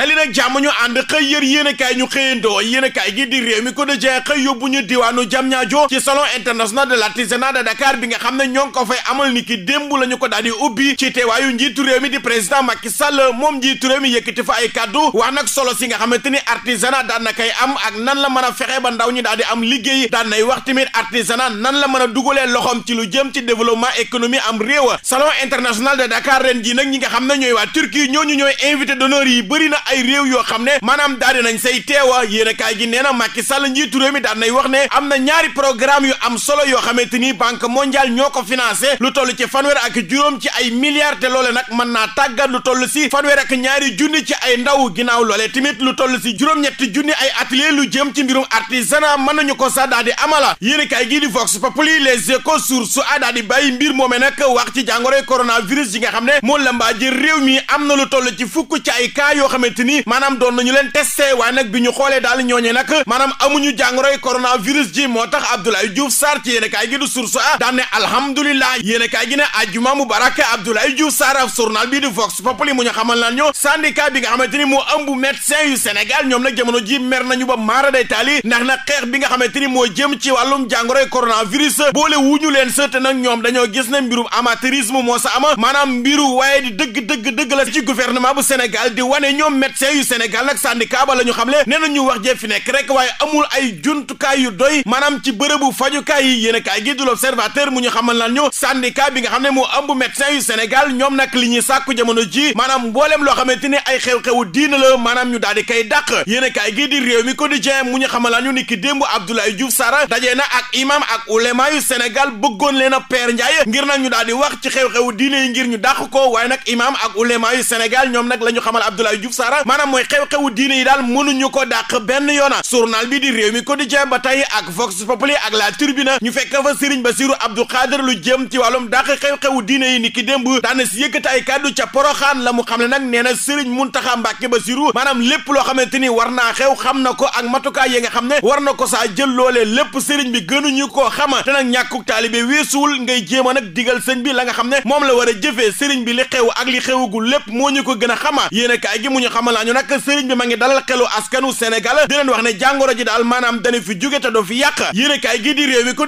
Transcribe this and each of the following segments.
dali nag jàmm ñu ànd xëy yër yéenekaay ñu xëyandoo yéenekaay gi di réew mi ko dëjee xëy yóbbu ñu diwaanu Diamniadio ci salon international de l'artisanat de Dakar bi nga xam ne ñoo ngi ko fay amal ni ki démb la ñu ko daal di ubbi ci teewaayu njiitu réew mi di président Macky Sall moom njiitu réew mi yëkkati fa ay kàddu wax nag solo si nga xamante ni artisanat daan na koy am ak nan la mën a fexe ba ndaw ñi daal di am liggéey daan nay wax tamit artisanat nan la mën a dugalee loxoom ci lu jëm ci développement économie am réew salon international de Dakar ren ji nag ñi nga xam ne ñooy waa Turquie ñooñu ñooy invité d'honneur yi bëri na ay réew yoo xam ne maanaam daal nañ say teewa yéen a gi nee na Macky sal njiitu réew mi daal nay wax ne am na ñaari programme yu am solo yoo xamante ni banque mondiale ñoo ko financé lu toll ci fanweer ak juróom ci ay milliards te loole nag mën naa tàggat lu toll si fanweer ak ñaari junni ci ay ndaw ginnaaw loolee tamit lu toll si juróom-ñetti junni ay atelier lu jëm ci mbirum artisanat mën nañu ko sax daal di amala yéen a kaay di Vox Populi les échos source a daal di mbir moomee nag wax ci jàngoroy coronavirus yi nga xam ne moo lambaa ji réew mi am na lu toll ci fukk ay cas yoo xamante xamante maanaam doon nañu leen testé waaye nag bi ñu xoolee daal ñooñee nag maanaam amuñu jàngoroy coronavirus ji moo tax Abdoulaye Diouf Sarr ci yéen a kaay gi du source a daan ne alhamdulilah yéen a kaay gi ne ajjuma mubarak Abdoulaye Diouf Sarr af journal bii di Vox Populi mu ñu xamal lan ñu syndicat bi nga xamante ni moo ëmb médecin yu Sénégal ñoom nag jamono ji mer nañu ba maara day taali ndax nag xeex bi nga xamante ni moo jëm ci wàllum jàngoroy coronavirus boole wuñu leen sëte nag ñoom dañoo gis ne mbirum amateurisme moo sa ama maanaam mbiru waaye di dëgg dëgg di wane ñoom médecin yu Sénégal ak syndicat ba la ñu xamle nee na ñu wax jee fi nekk rek waaye amul ay juntukaay yu doy maanaam ci bërëbu fajukaay yi yéen a kaay gi du l'Observateur mu ñu xamal lan ñu syndicat bi nga xam ne moo ëmb médecin yu Sénégal ñoom nag li ñuy sàkku jamono ji maanaam mbooleem loo xamante ni ay xew-xewu diina la maanaam ñu daal di kay dàq yéen a kaay gi di réew mi quotidien mu ñu xamal lan ñu ni ki démb Abdoulaye Diouf Sarr dajee na ak imam ak ulema yu Sénégal bëggoon leen a Père Ndiaye ngir nag ñu daal di wax ci xew-xewu diine yi ngir ñu dàq ko waaye nag imam ak ulema yu Sénégal ñoom nag la ñu xamal Abdoulaye Diouf Sarr dara maanaam mooy xew-xewu diine yi daal mënuñu ko dàq benn yoona journal bi di réew mi quotidien ba tey ak vox populi ak la tribune ñu fekk fa ba Bassirou Abdou Khadre lu jëm ci wàllum xew xew-xewu diine yi ni ki démb daana si yëkkati ay kàddu ca poroxaan la mu xam ne nag nee na Serigne Mountakha Mbacké Bassirou maanaam lépp loo xamante ni war naa xew xam na ko ak matukaay yi nga xam ne war na ko saa jël loole lépp sëriñ bi gënuñu koo xama te nag ñàkkuk taalibe weesuwul ngay jéem nag digal sëñ bi la xam ne moom la war a jëfee sëriñ bi li xew ak li xewugul lépp moo ñu ko gën a xama yéen a xamal nañu nag sëriñ bi ma ngi dalal xelu askanu Sénégal di leen wax ne daal maanaam dana fi jóge te do fi yàq yéenekaay gi mi ko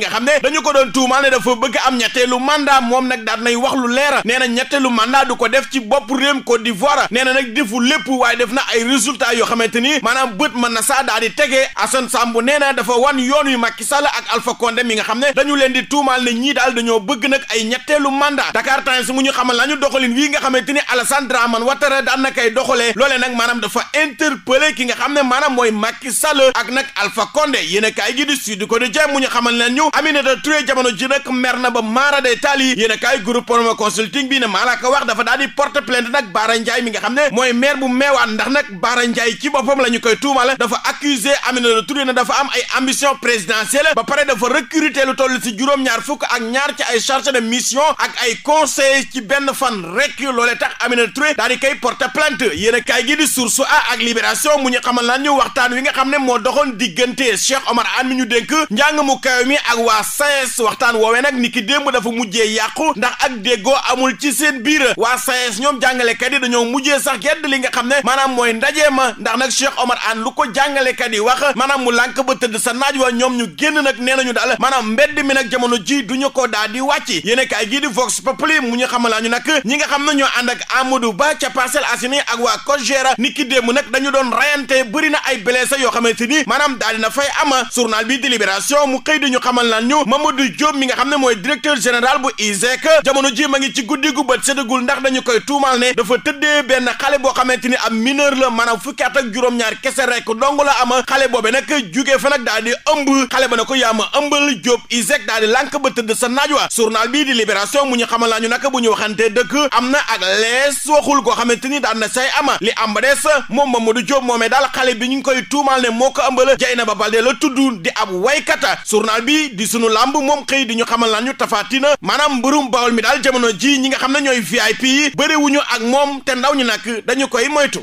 xam ne dañu ko doon tuumaal ne dafa bëgg am ñetteelu mandat moom nag daal nay wax lu leer nee na ñetteelu mandat du ko def ci bopp réewum Côte d'Ivoire nee na nag defu lépp waaye def na ay résultats yoo xamante ni maanaam bët mën na saa daal di tegee Assane Samb nee na dafa wan yoon yu Macky Sall ak Alpha Condé mi nga xam ne dañu leen di tuumaal ne ñii daal dañoo bëgg nag ay ñetteelu mandat Dakar France mu ñu xamal nañu doxalin wii nga xamante ni Alassane Dramane Ouattara daan na koy doxalee nag maanaam dafa interpellé ki nga xam ne mooy Macky a a bu meewaan ndax nag Bara Ndiaye ci boppam la ñu koy tuumale dafa accusé Aminata Touré ne dafa am ay ambition présidentielle ba pare dafa recruter lu toll si juróom-ñaar fukk ak ñaar ci ay chargé de mission ak ay conseil conseil ci benn fan rek loolee tax Aminata Touré daal di koy porter plainte yéen a kaay gi di a ak libération mu ñu xamal lan ñu waxtaan wi nga xam ne moo doxoon diggante Cheikh Omar an mi ñu denk njàng mu kaw mi ak waa SAES e waxtaan woowee nag ni ki démb dafa mujjee yàqu ndax ak déggoo amul ci seen biir waa SAES e ñoom jàngalekat yi dañoo mujjee sax gedd li nga xam ne maanaam mooy ndaje ma ndax nag Cheikh Omar Anne lu ko jàngalekat yi wax maanaam mu lan ba tëdd sa naaj wa ñoom ñu génn nag nee nañu daal maanaam mbedd mi nag jamono ji duñu ko daal di wàcc yéen a mu ñu xamalaa ñu nag ñi nga xam ne ñoo ànd ak Amadou Ba ca Parcelles Assainies ak waa Kogera ni ki démb nag dañu doon rayante bëri na ay blessé yoo xamante ni maanaam daal dina fay ama journal bi délibération mu xëy di ñu xamal naan ñu Mamadou Diop mi nga xam ne mooy directeur général bu ISEC jamono ji ma ngi ci guddi gu bët gul ndax dañu koy tuumal ne dafa tëddee benn xale boo xamante ni am mineur la maanaam fukki at ak juróom-ñaar kese rek dong la ama xale boobe nag jugee fa nag daal di ëmb xale ba na ko yaama ëmbal Diop ISEC daal di lànk ba tëdd sa naaj wa journal bi di libération ñu xamal naa ñu nag nag bu ñu waxantee dëkk am na ak lees waxul koo xamante ni daan na say ama li am ba des moom Mamadou Diop moomee daal xale bi ñu ngi koy tuumaal ne moo ko ëmbala Dieynaba Baldé la tudd di ab waykata journal bi di suñu làmb moom xëy di ñu xamal lan ñu tafaatina maanaam mbërum bawol mi daal jamono ji ñi nga xam ne ñooy VIP yi bëriwuñu ak moom te ndaw ñi nag dañu koy moytu